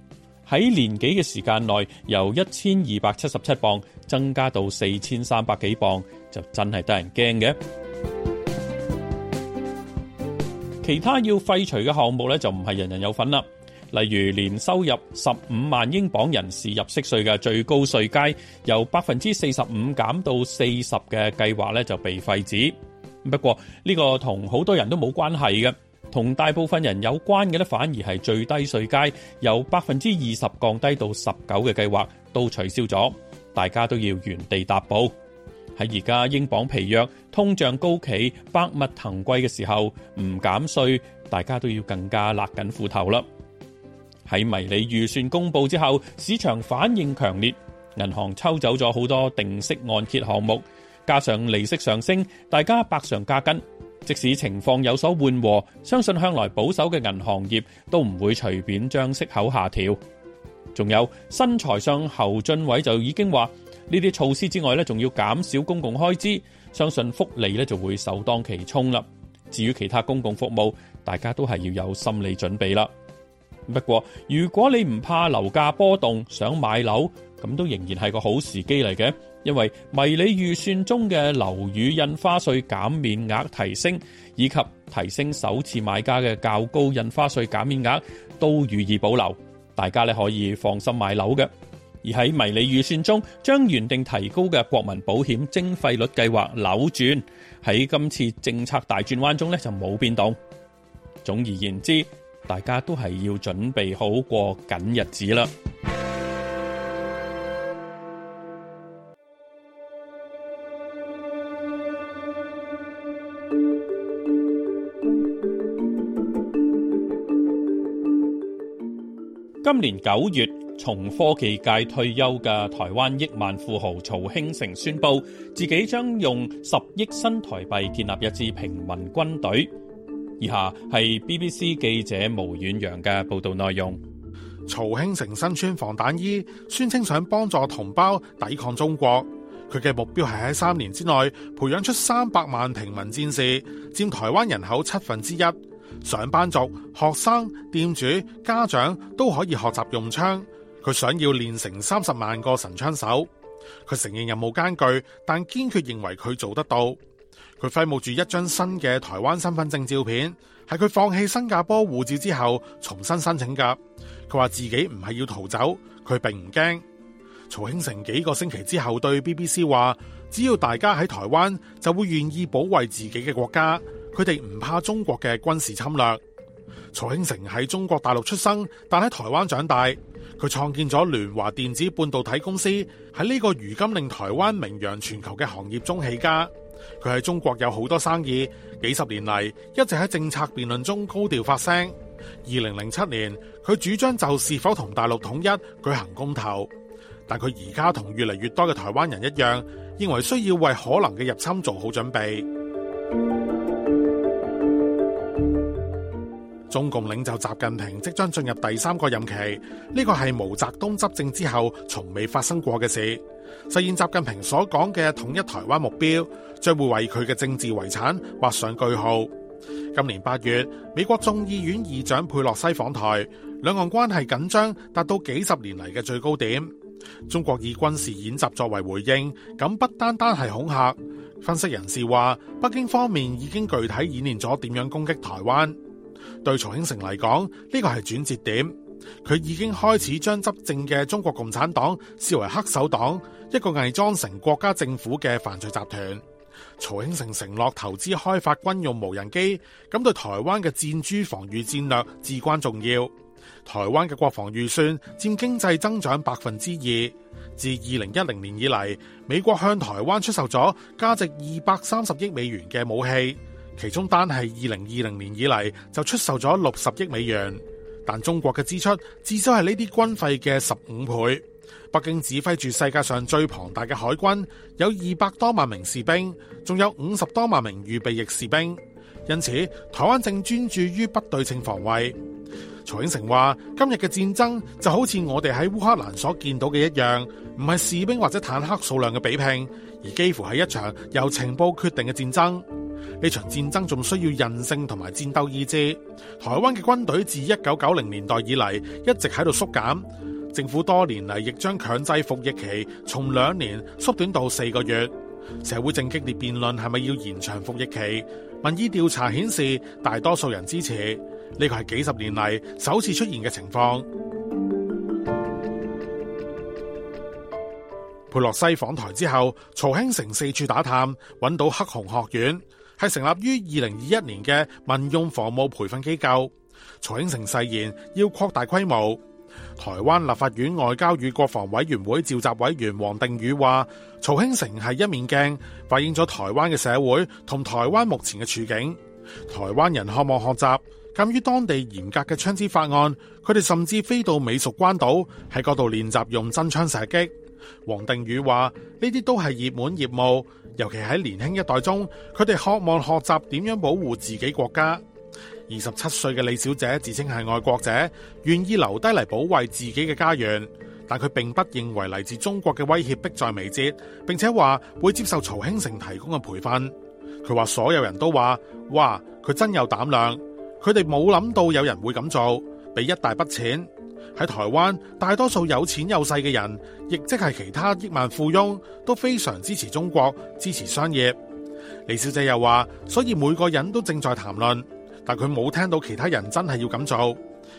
喺年幾嘅時間內，由一千二百七十七磅增加到四千三百幾磅，就真係得人驚嘅。 其他要廢除嘅項目咧，就唔係人人有份啦。例如年收入十五萬英鎊人士入息稅嘅最高稅階，由百分之四十五減到四十嘅計劃咧，就被廢止。不過呢個同好多人都冇關係嘅。同大部分人有關嘅咧，反而係最低稅階由百分之二十降低到十九嘅計劃都取消咗，大家都要原地踏步。喺而家英鎊疲弱、通脹高企、百物騰貴嘅時候，唔減稅，大家都要更加勒緊褲頭啦。喺迷你預算公佈之後，市場反應強烈，銀行抽走咗好多定息按揭項目，加上利息上升，大家百上加斤。即使情況有所緩和，相信向來保守嘅銀行業都唔會隨便將息口下調。仲有新財相侯俊偉就已經話：呢啲措施之外咧，仲要減少公共開支，相信福利咧就會首當其衝啦。至於其他公共服務，大家都係要有心理準備啦。不過，如果你唔怕樓價波動，想買樓，咁都仍然係個好時機嚟嘅。因為迷你預算中嘅樓宇印花稅減免額提升，以及提升首次買家嘅較高印花稅減免額，都予以保留，大家咧可以放心買樓嘅。而喺迷你預算中，將原定提高嘅國民保險徵費率計劃扭轉，喺今次政策大轉彎中咧就冇變動。總而言之，大家都係要準備好過緊日子啦。今年九月，從科技界退休嘅台灣億萬富豪曹興誠宣布，自己將用十億新台幣建立一支平民軍隊。以下係 BBC 記者毛遠揚嘅報道內容：曹興誠身穿防彈衣，宣稱想幫助同胞抵抗中國。佢嘅目標係喺三年之內培養出三百萬平民戰士，佔台灣人口七分之一。上班族、學生、店主、家長都可以學習用槍。佢想要練成三十萬個神槍手。佢承認任務艱巨，但堅決認為佢做得到。佢揮舞住一張新嘅台灣身份證照片，係佢放棄新加坡護照之後重新申請噶。佢話自己唔係要逃走，佢並唔驚。曹興誠幾個星期之後對 BBC 話：「只要大家喺台灣，就會願意保衛自己嘅國家。」佢哋唔怕中國嘅軍事侵略。曹興誠喺中國大陸出生，但喺台灣長大。佢創建咗聯華電子半導體公司，喺呢個如今令台灣名揚全球嘅行業中起家。佢喺中國有好多生意，幾十年嚟一直喺政策辯論中高調發聲。二零零七年，佢主張就是否同大陸統一舉行公投。但佢而家同越嚟越多嘅台灣人一樣，認為需要為可能嘅入侵做好準備。中共領袖習近平即將進入第三個任期，呢個係毛澤東執政之後從未發生過嘅事。實現習近平所講嘅統一台灣目標，將會為佢嘅政治遺產畫上句號。今年八月，美國眾議院議長佩洛西訪台，兩岸關係緊張達到幾十年嚟嘅最高點。中國以軍事演習作為回應，咁不單單係恐嚇。分析人士話，北京方面已經具體演練咗點樣攻擊台灣。對曹興成嚟講，呢個係轉折點。佢已經開始將執政嘅中國共產黨視為黑手黨，一個偽裝成國家政府嘅犯罪集團。曹興成承諾投資開發軍用無人機，咁對台灣嘅戰豬防禦戰略至關重要。台灣嘅國防預算佔經濟增長百分之二。自二零一零年以來，美國向台灣出售咗價值二百三十億美元嘅武器。其中單係二零二零年以嚟就出售咗六十億美元，但中國嘅支出至少係呢啲軍費嘅十五倍。北京指揮住世界上最龐大嘅海軍，有二百多萬名士兵，仲有五十多萬名預備役士兵。因此，台灣正專注於不對稱防衛。曹永成話：今日嘅戰爭就好似我哋喺烏克蘭所見到嘅一樣，唔係士兵或者坦克數量嘅比拼。而幾乎係一場由情報決定嘅戰爭，呢場戰爭仲需要韌性同埋戰鬥意志。台灣嘅軍隊自一九九零年代以嚟一直喺度縮減，政府多年嚟亦將強制服役期從兩年縮短到四個月。社會正激烈辯論係咪要延長服役期，民意調查顯示大多數人支持，呢個係幾十年嚟首次出現嘅情況。佩洛西訪台之後，曹興誠四處打探，揾到黑熊學院，係成立於二零二一年嘅民用防務培訓機構。曹興誠誓言要擴大規模。台灣立法院外交與國防委員會召集委員王定宇話：曹興誠係一面鏡，反映咗台灣嘅社會同台灣目前嘅處境。台灣人渴望學習，鑒於當地嚴格嘅槍支法案，佢哋甚至飛到美屬關島喺嗰度練習用真槍射擊。王定宇話：呢啲都係熱門業務，尤其喺年輕一代中，佢哋渴望學習點樣保護自己國家。二十七歲嘅李小姐自稱係愛國者，願意留低嚟保衛自己嘅家園。但佢並不認為嚟自中國嘅威脅迫在眉睫，並且話會接受曹興成提供嘅培訓。佢話所有人都話：「哇，佢真有膽量。佢哋冇諗到有人會咁做，俾一大筆錢。」喺台灣，大多數有錢有勢嘅人，亦即係其他億萬富翁都非常支持中國，支持商業。李小姐又話，所以每個人都正在談論，但佢冇聽到其他人真係要咁做。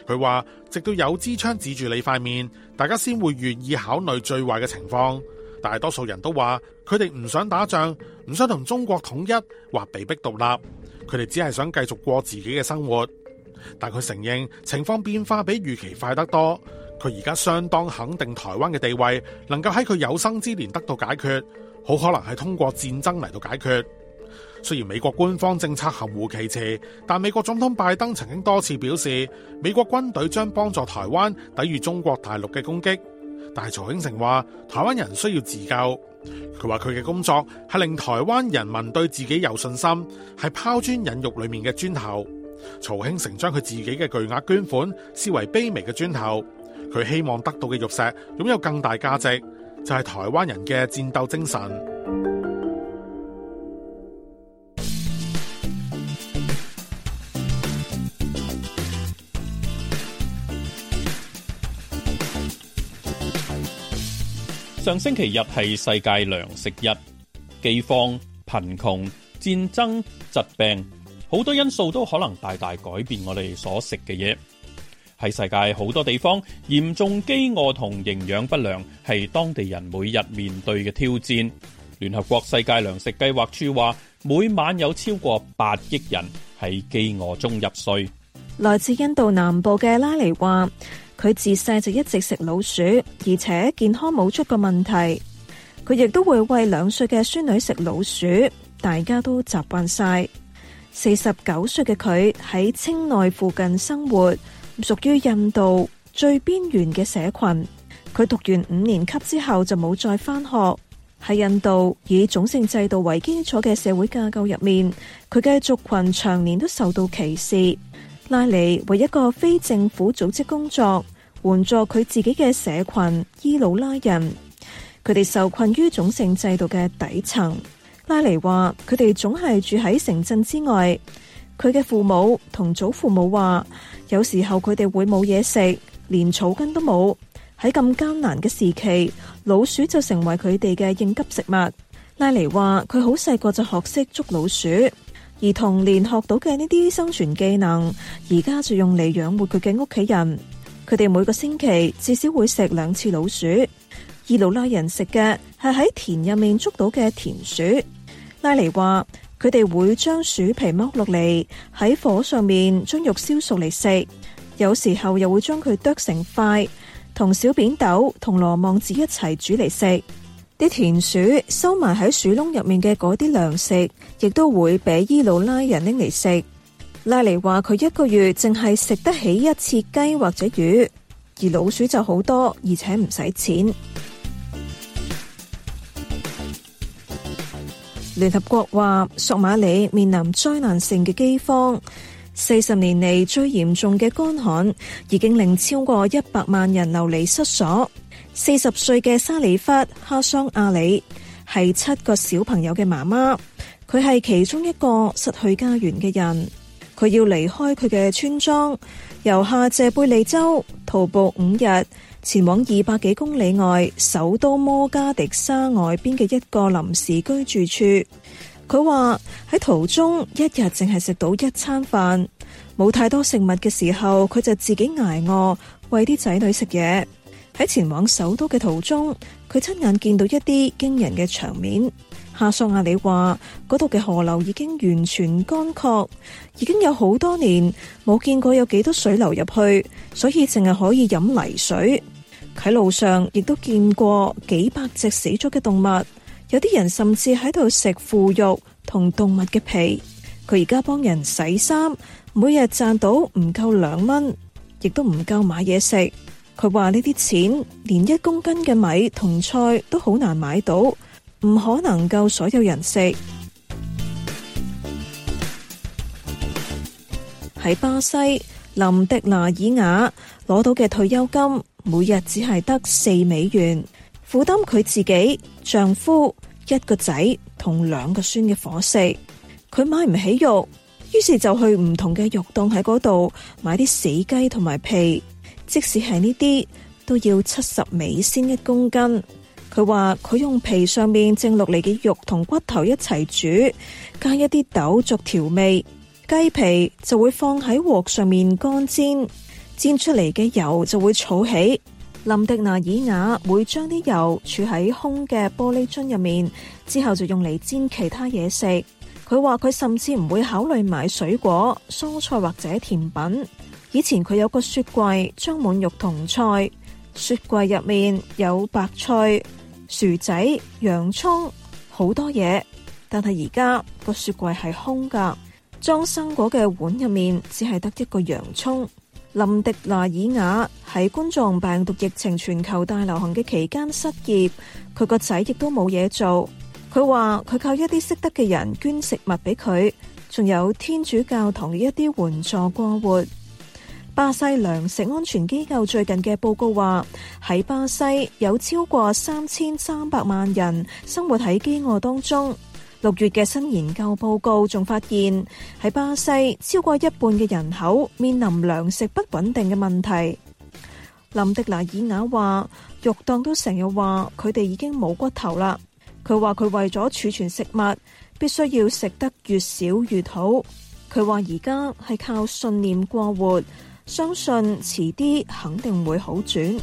佢話，直到有支槍指住你塊面，大家先會願意考慮最壞嘅情況。大多數人都話，佢哋唔想打仗，唔想同中國統一或被逼獨立，佢哋只係想繼續過自己嘅生活。但佢承認情況變化比預期快得多。佢而家相當肯定台灣嘅地位能夠喺佢有生之年得到解決，好可能係通過戰爭嚟到解決。雖然美國官方政策含糊其辭，但美國總統拜登曾經多次表示，美國軍隊將幫助台灣抵禦中國大陸嘅攻擊。但係曹興誠話，台灣人需要自救。佢話佢嘅工作係令台灣人民對自己有信心，係拋磚引玉裏面嘅磚頭。曹興成將佢自己嘅巨額捐款視為卑微嘅磚頭，佢希望得到嘅玉石擁有更大價值，就係、是、台灣人嘅戰鬥精神。上星期日係世界糧食日，饑荒、貧窮、戰爭、疾病。好多因素都可能大大改變我哋所食嘅嘢。喺世界好多地方，嚴重飢餓同營養不良係當地人每日面對嘅挑戰。聯合國世界糧食計劃署話，每晚有超過八億人喺飢餓中入睡。來自印度南部嘅拉尼話，佢自細就一直食老鼠，而且健康冇出過問題。佢亦都會餵兩歲嘅孫女食老鼠，大家都習慣晒。四十九歲嘅佢喺青內附近生活，屬於印度最邊緣嘅社群。佢讀完五年級之後就冇再返學。喺印度以種姓制度為基礎嘅社會架構入面，佢嘅族群長年都受到歧視。拉尼為一個非政府組織工作，援助佢自己嘅社群——伊魯拉人。佢哋受困於種姓制度嘅底層。拉尼話：佢哋總係住喺城鎮之外。佢嘅父母同祖父母話，有時候佢哋會冇嘢食，連草根都冇。喺咁艱難嘅時期，老鼠就成為佢哋嘅應急食物。拉尼話：佢好細個就學識捉老鼠，而童年學到嘅呢啲生存技能，而家就用嚟養活佢嘅屋企人。佢哋每個星期至少會食兩次老鼠。伊魯拉人食嘅係喺田入面捉到嘅田鼠。拉尼話：佢哋會將鼠皮剝落嚟，喺火上面將肉燒熟嚟食，有時候又會將佢剁成塊，同小扁豆、同羅望子一齊煮嚟食。啲田鼠收埋喺鼠窿入面嘅嗰啲糧食，亦都會俾伊魯拉人拎嚟食。拉尼話，佢一個月淨係食得起一次雞或者魚，而老鼠就好多，而且唔使錢。聯合國話，索馬里面臨災難性嘅饑荒，四十年嚟最嚴重嘅乾旱已經令超過一百萬人流離失所。四十歲嘅沙里夫哈桑阿里係七個小朋友嘅媽媽，佢係其中一個失去家園嘅人，佢要離開佢嘅村莊，由下謝貝利州徒步五日。前往二百幾公里外首都摩加迪沙外邊嘅一個臨時居住處。佢話喺途中一日淨係食到一餐飯，冇太多食物嘅時候，佢就自己捱餓餵啲仔女食嘢。喺前往首都嘅途中，佢親眼見到一啲驚人嘅場面。夏索亞里話：嗰度嘅河流已經完全乾涸，已經有好多年冇見過有幾多水流入去，所以淨係可以飲泥水。喺路上亦都見過幾百隻死咗嘅動物，有啲人甚至喺度食腐肉同動物嘅皮。佢而家幫人洗衫，每日賺到唔夠兩蚊，亦都唔夠買嘢食。佢話呢啲錢連一公斤嘅米同菜都好難買到，唔可能夠所有人食。喺巴西，林迪納爾雅。攞到嘅退休金，每日只係得四美元，負擔佢自己、丈夫一個仔同兩個孫嘅伙食。佢買唔起肉，於是就去唔同嘅肉檔喺嗰度買啲死雞同埋皮。即使係呢啲，都要七十美仙一公斤。佢話佢用皮上面剩落嚟嘅肉同骨頭一齊煮，加一啲豆做調味。雞皮就會放喺鑊上面乾煎。煎出嚟嘅油就會儲起。林迪娜爾雅會將啲油儲喺空嘅玻璃樽入面，之後就用嚟煎其他嘢食。佢話佢甚至唔會考慮買水果、蔬菜或者甜品。以前佢有個雪櫃，裝滿肉同菜。雪櫃入面有白菜、薯仔、洋葱，好多嘢。但係而家個雪櫃係空㗎，裝生果嘅碗入面只係得一個洋葱。林迪娜爾雅喺冠狀病毒疫情全球大流行嘅期間失業，佢個仔亦都冇嘢做。佢話佢靠一啲識得嘅人捐食物俾佢，仲有天主教堂嘅一啲援助過活。巴西糧食安全機構最近嘅報告話，喺巴西有超過三千三百萬人生活喺飢餓當中。六月嘅新研究報告仲發現，喺巴西超過一半嘅人口面臨糧食不穩定嘅問題。林迪娜爾雅話：肉檔都成日話佢哋已經冇骨頭啦。佢話佢為咗儲存食物，必須要食得越少越好。佢話而家係靠信念過活，相信遲啲肯定會好轉。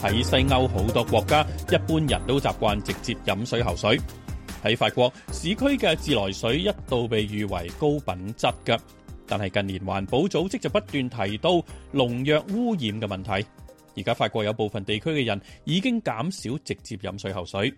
喺西歐好多國家，一般人都習慣直接飲水喉水。喺法國，市區嘅自來水一度被譽為高品質㗎，但係近年環保組織就不斷提到農藥污染嘅問題。而家法國有部分地區嘅人已經減少直接飲水喉水。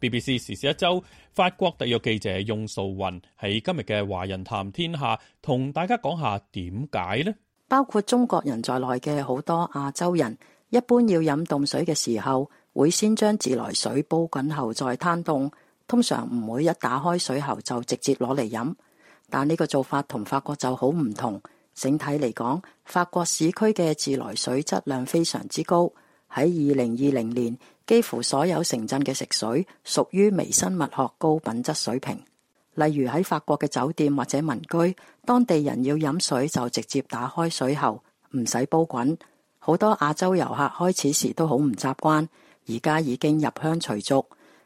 BBC 時事一周，法國特約記者用素云喺今日嘅華人談天下同大家講下點解呢？包括中國人在內嘅好多亞洲人。一般要飲凍水嘅時候，會先將自來水煲滾後再攤凍。通常唔會一打開水喉就直接攞嚟飲。但呢個做法同法國就好唔同。整體嚟講，法國市區嘅自來水質量非常之高。喺二零二零年，幾乎所有城鎮嘅食水屬於微生物學高品質水平。例如喺法國嘅酒店或者民居，當地人要飲水就直接打開水喉，唔使煲滾。好多亞洲遊客開始時都好唔習慣，而家已經入鄉隨俗。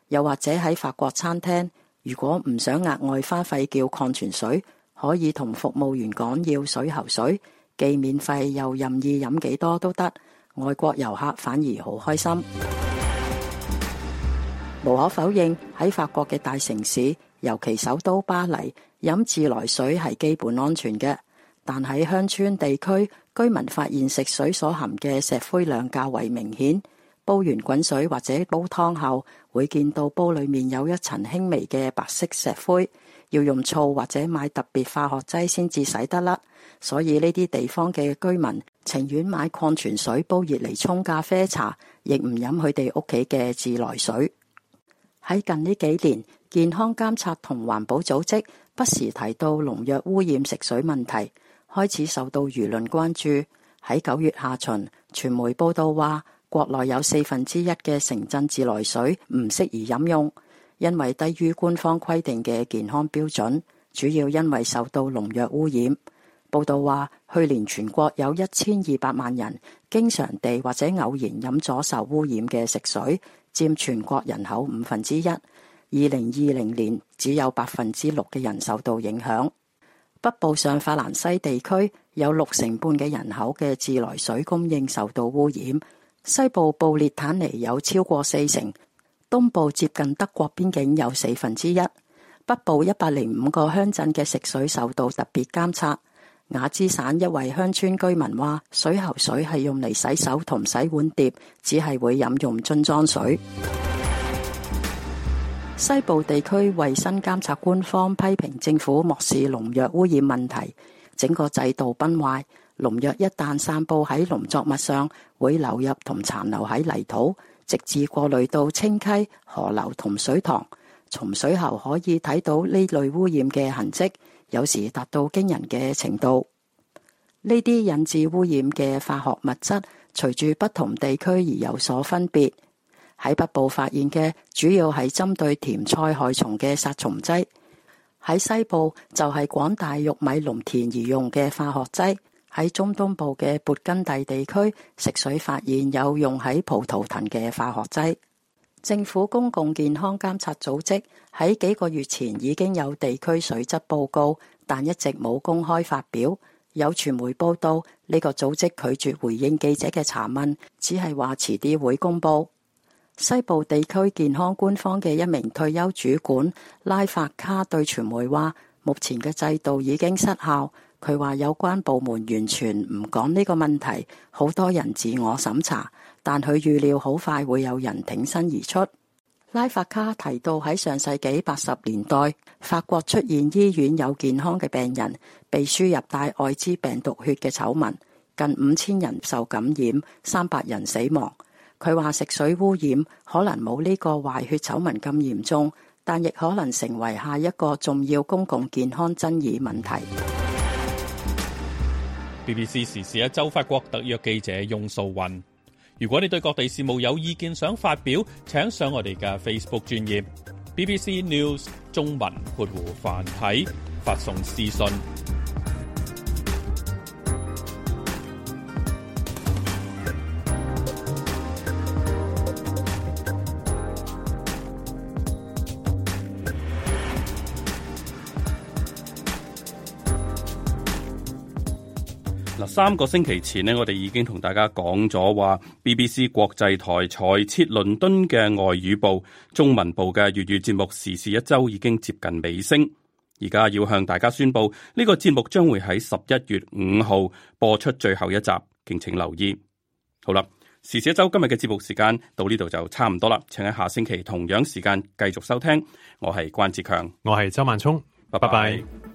又或者喺法國餐廳，如果唔想額外花費叫礦泉水，可以同服務員講要水喉水，既免費又任意飲幾多都得。外國遊客反而好開心。無可否認，喺法國嘅大城市，尤其首都巴黎，飲自來水係基本安全嘅。但喺鄉村地區，居民發現食水所含嘅石灰量較為明顯，煲完滾水或者煲湯後，會見到煲裡面有一層輕微嘅白色石灰，要用醋或者買特別化學劑先至洗得甩。所以呢啲地方嘅居民情願買礦泉水煲熱嚟沖咖啡茶，亦唔飲佢哋屋企嘅自來水。喺近呢幾年，健康監察同環保組織不時提到農藥污染食水問題。開始受到輿論關注。喺九月下旬，傳媒報道話，國內有四分之一嘅城鎮自來水唔適宜飲用，因為低於官方規定嘅健康標準，主要因為受到農藥污染。報道話，去年全國有一千二百萬人經常地或者偶然飲咗受污染嘅食水，佔全國人口五分之一。二零二零年只有百分之六嘅人受到影響。北部上法蘭西地區有六成半嘅人口嘅自來水供應受到污染，西部布列坦尼有超過四成，東部接近德國邊境有四分之一，北部一百零五個鄉鎮嘅食水受到特別監測。雅姿省一位鄉村居民話，水喉水係用嚟洗手同洗碗碟，只係會飲用樽裝水。西部地區衞生監察官方批評政府漠視農藥污染問題，整個制度崩壞。農藥一旦散佈喺農作物上，會流入同殘留喺泥土，直至過濾到清溪、河流同水塘。從水喉可以睇到呢類污染嘅痕跡，有時達到驚人嘅程度。呢啲引致污染嘅化學物質，隨住不同地區而有所分別。喺北部發現嘅主要係針對甜菜害蟲嘅殺蟲劑；喺西部就係廣大玉米農田而用嘅化學劑；喺中東部嘅勃根地地區食水發現有用喺葡萄藤嘅化學劑。政府公共健康監察組織喺幾個月前已經有地區水質報告，但一直冇公開發表。有傳媒報道，呢個組織拒絕回應記者嘅查問，只係話遲啲會公布。西部地區健康官方嘅一名退休主管拉法卡對傳媒話，目前嘅制度已經失效。佢話有關部門完全唔講呢個問題，好多人自我審查，但佢預料好快會有人挺身而出。拉法卡提到喺上世紀八十年代，法國出現醫院有健康嘅病人被輸入帶艾滋病毒血嘅醜聞，近五千人受感染，三百人死亡。佢話食水污染可能冇呢個壞血醜聞咁嚴重，但亦可能成為下一個重要公共健康爭議問題。BBC 時事一周法國特約記者用素雲。如果你對各地事務有意見想發表，請上我哋嘅 Facebook 專頁 BBC News 中文括弧繁體發送私信。三個星期前咧，我哋已經同大家講咗話，BBC 國際台裁撤倫敦嘅外語部、中文部嘅粵語節目《時事一周》已經接近尾聲，而家要向大家宣布，呢個節目將會喺十一月五號播出最後一集，敬請留意。好啦，《時事一周》今日嘅節目時間到呢度就差唔多啦，請喺下星期同樣時間繼續收聽。我係關志強，我係周萬聰，拜拜。